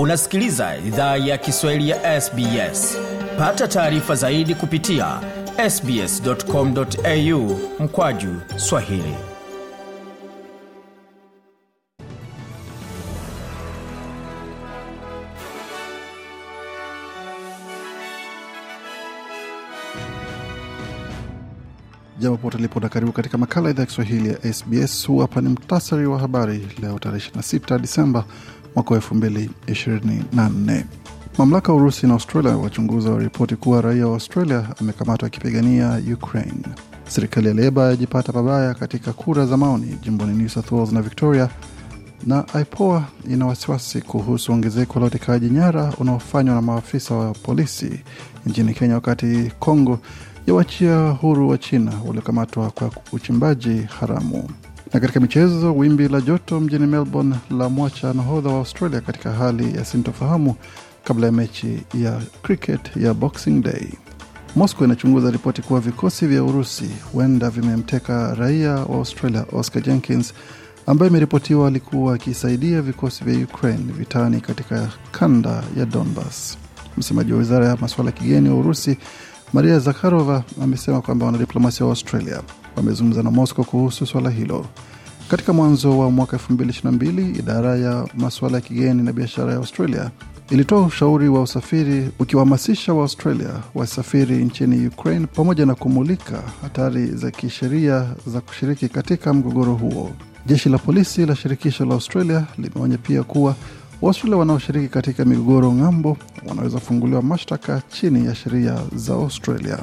unasikiliza idhaa ya kiswahili ya sbs pata taarifa zaidi kupitia sbscomau mkwaju swahili jambo pote lipo na karibu katika makala idhaa ya kiswahili ya sbs huu hapa ni mktasari wa habari leo tarehe 26 disemba mwaka wa 2024. Mamlaka ya Urusi na Australia wachunguza waripoti kuwa raia wa Australia amekamatwa akipigania Ukraine. Serikali ya Leba yajipata pabaya katika kura za maoni jimboni New South Wales na Victoria, na IPOA ina wasiwasi kuhusu ongezeko la utekaji nyara unaofanywa na maafisa wa polisi nchini Kenya, wakati Kongo yawachia huru wa China waliokamatwa kwa uchimbaji haramu. Na katika michezo, wimbi la joto mjini Melbourne la mwacha nahodha wa Australia katika hali ya sintofahamu kabla ya mechi ya cricket ya Boxing Day. Moscow inachunguza ripoti kuwa vikosi vya Urusi huenda vimemteka raia wa Australia Oscar Jenkins ambaye imeripotiwa alikuwa akisaidia vikosi vya Ukraine vitani katika kanda ya Donbas. Msemaji wa wizara ya masuala ya kigeni wa Urusi Maria Zakharova amesema kwamba wanadiplomasia wa Australia wamezungumza na Moscow kuhusu swala hilo. Katika mwanzo wa mwaka 2022 idara ya masuala ya kigeni na biashara ya Australia ilitoa ushauri wa usafiri ukiwahamasisha Waaustralia wasafiri nchini Ukraine pamoja na kumulika hatari za kisheria za kushiriki katika mgogoro huo. Jeshi la polisi la shirikisho la Australia limeonya pia kuwa Waustralia wanaoshiriki katika migogoro ng'ambo wanaweza kufunguliwa mashtaka chini ya sheria za Australia.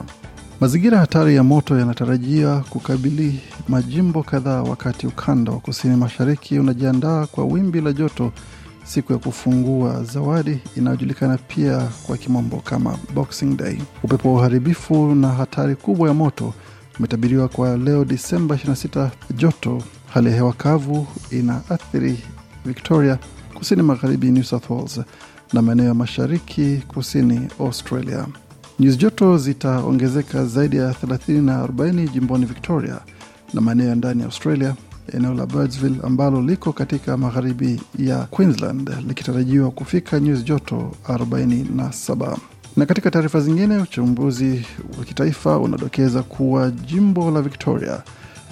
Mazingira hatari ya moto yanatarajia kukabili majimbo kadhaa wakati ukanda wa kusini mashariki unajiandaa kwa wimbi la joto siku ya kufungua zawadi inayojulikana pia kwa kimombo kama Boxing Day. Upepo wa uharibifu na hatari kubwa ya moto umetabiriwa kwa leo Disemba 26. Joto, hali ya hewa kavu inaathiri Victoria, kusini magharibi New South Wales na maeneo ya mashariki kusini Australia. Nyuzi joto zitaongezeka zaidi ya 30 na 40 jimboni Victoria na maeneo ya ndani ya Australia, eneo la Birdsville ambalo liko katika magharibi ya Queensland likitarajiwa kufika nyuzi joto 47. Na katika taarifa zingine, uchambuzi wa kitaifa unadokeza kuwa jimbo la Victoria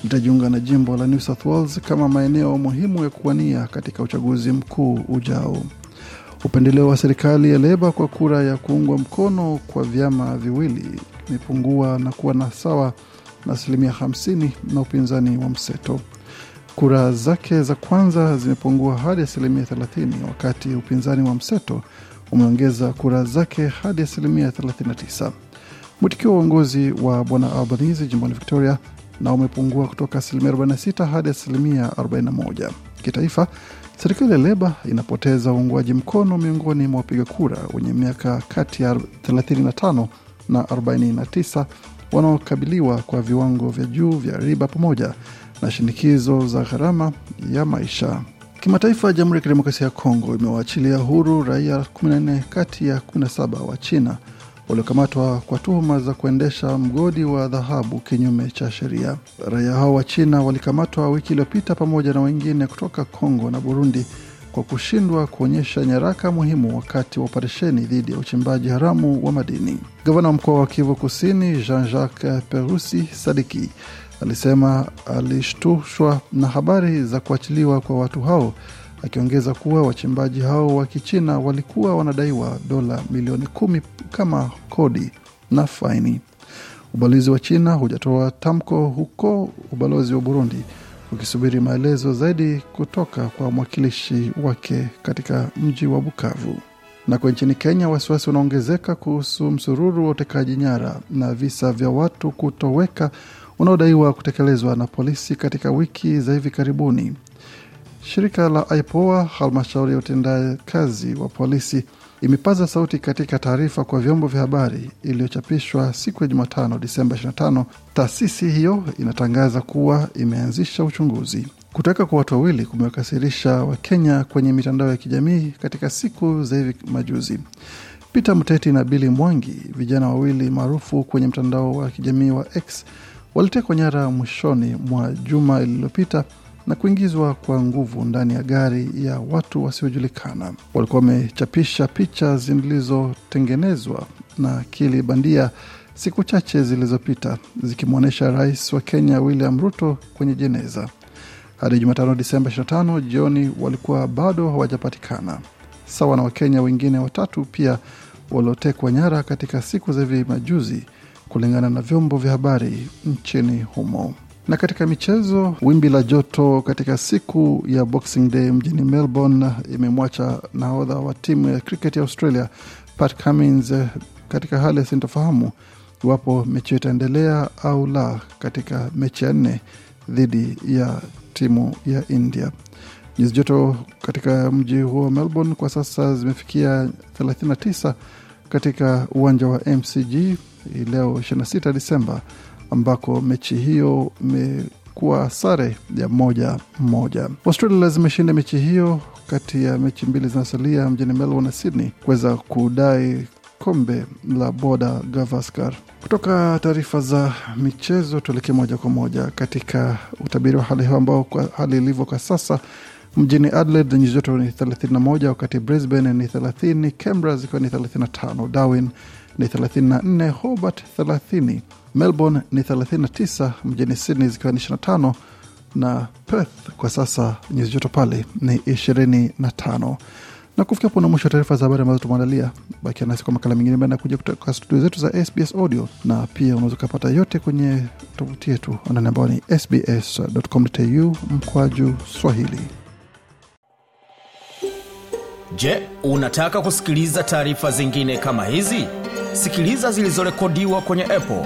litajiunga na jimbo la New South Wales kama maeneo muhimu ya kuwania katika uchaguzi mkuu ujao. Upendeleo wa serikali ya Leba kwa kura ya kuungwa mkono kwa vyama viwili imepungua na kuwa na sawa na asilimia 50 na upinzani wa mseto. Kura zake za kwanza zimepungua hadi asilimia 30 wakati upinzani wa mseto umeongeza kura zake hadi asilimia 39. Mwitikio wa uongozi wa bwana Albanese jimboni Victoria na umepungua kutoka asilimia 46 hadi asilimia 41. Kitaifa, Serikali ya Leba inapoteza uungwaji mkono miongoni mwa wapiga kura wenye miaka kati ya 35 na 49 wanaokabiliwa kwa viwango vya juu vya riba pamoja na shinikizo za gharama ya maisha. Kimataifa, Jamhuri ya Kidemokrasia ya Kongo imewaachilia huru raia 14 kati ya 17 wa China waliokamatwa kwa tuhuma za kuendesha mgodi wa dhahabu kinyume cha sheria. Raia hao wa China walikamatwa wiki iliyopita pamoja na wengine kutoka Kongo na Burundi kwa kushindwa kuonyesha nyaraka muhimu wakati wa operesheni dhidi ya uchimbaji haramu wa madini. Gavana wa mkoa wa Kivu Kusini Jean-Jacques Perusi Sadiki alisema alishtushwa na habari za kuachiliwa kwa watu hao akiongeza kuwa wachimbaji hao wa Kichina walikuwa wanadaiwa dola milioni kumi kama kodi na faini. Ubalozi wa China hujatoa tamko, huko ubalozi wa Burundi ukisubiri maelezo zaidi kutoka kwa mwakilishi wake katika mji wa Bukavu. Na kwa nchini Kenya, wasiwasi unaongezeka kuhusu msururu wa utekaji nyara na visa vya watu kutoweka unaodaiwa kutekelezwa na polisi katika wiki za hivi karibuni, Shirika la IPOA, halmashauri ya utendakazi wa polisi, imepaza sauti katika taarifa kwa vyombo vya habari iliyochapishwa siku ya Jumatano, Disemba 25. Taasisi hiyo inatangaza kuwa imeanzisha uchunguzi. Kutoweka kwa watu wawili kumewakasirisha Wakenya kwenye mitandao ya kijamii katika siku za hivi majuzi. Peter Mteti na Billy Mwangi, vijana wawili maarufu kwenye mtandao wa kijamii wa X, walitekwa nyara mwishoni mwa juma lililopita na kuingizwa kwa nguvu ndani ya gari ya watu wasiojulikana. Walikuwa wamechapisha picha zilizotengenezwa na akili bandia siku chache zilizopita zikimwonyesha rais wa Kenya William Ruto kwenye jeneza. Hadi Jumatano Disemba 25 jioni walikuwa bado hawajapatikana, sawa na Wakenya wengine watatu pia waliotekwa nyara katika siku za hivi majuzi, kulingana na vyombo vya habari nchini humo. Na katika michezo, wimbi la joto katika siku ya Boxing Day mjini Melbourne imemwacha nahodha wa timu ya cricket ya Australia Pat Cummins katika hali asintofahamu iwapo mechi itaendelea au la katika mechi ya nne dhidi ya timu ya India. Nyuzi joto katika mji huo wa Melbourne kwa sasa zimefikia 39 katika uwanja wa MCG leo 26 Disemba ambako mechi hiyo imekuwa sare ya moja moja. Australia zimeshinda mechi hiyo kati ya mechi mbili zinasalia mjini Melbourne na Sydney kuweza kudai kombe la Border Gavaskar. Kutoka taarifa za michezo, tuelekee moja kwa moja katika utabiri wa hali hewa ambao kwa hali ilivyo kwa sasa Mjini Adelaide nyuzi joto ni 31, wakati Brisbane ni 30, Canberra zikiwa ni 35, Darwin ni 34, Hobart Melbourne ni 39, mjini Sydney zikiwa ni 25 na Perth kwa sasa nyuzi joto pale ni 25. Na kufikia hapo na mwisho wa taarifa za habari ambazo tumeandalia. Bakia nasi kwa makala mengine ambayo yanakuja kutoka studio zetu za SBS Audio, na pia unaweza ukapata yote kwenye tovuti yetu anani ambao ni sbs.com.au mkwaju Swahili. Je, unataka kusikiliza taarifa zingine kama hizi? Sikiliza zilizorekodiwa kwenye Apple,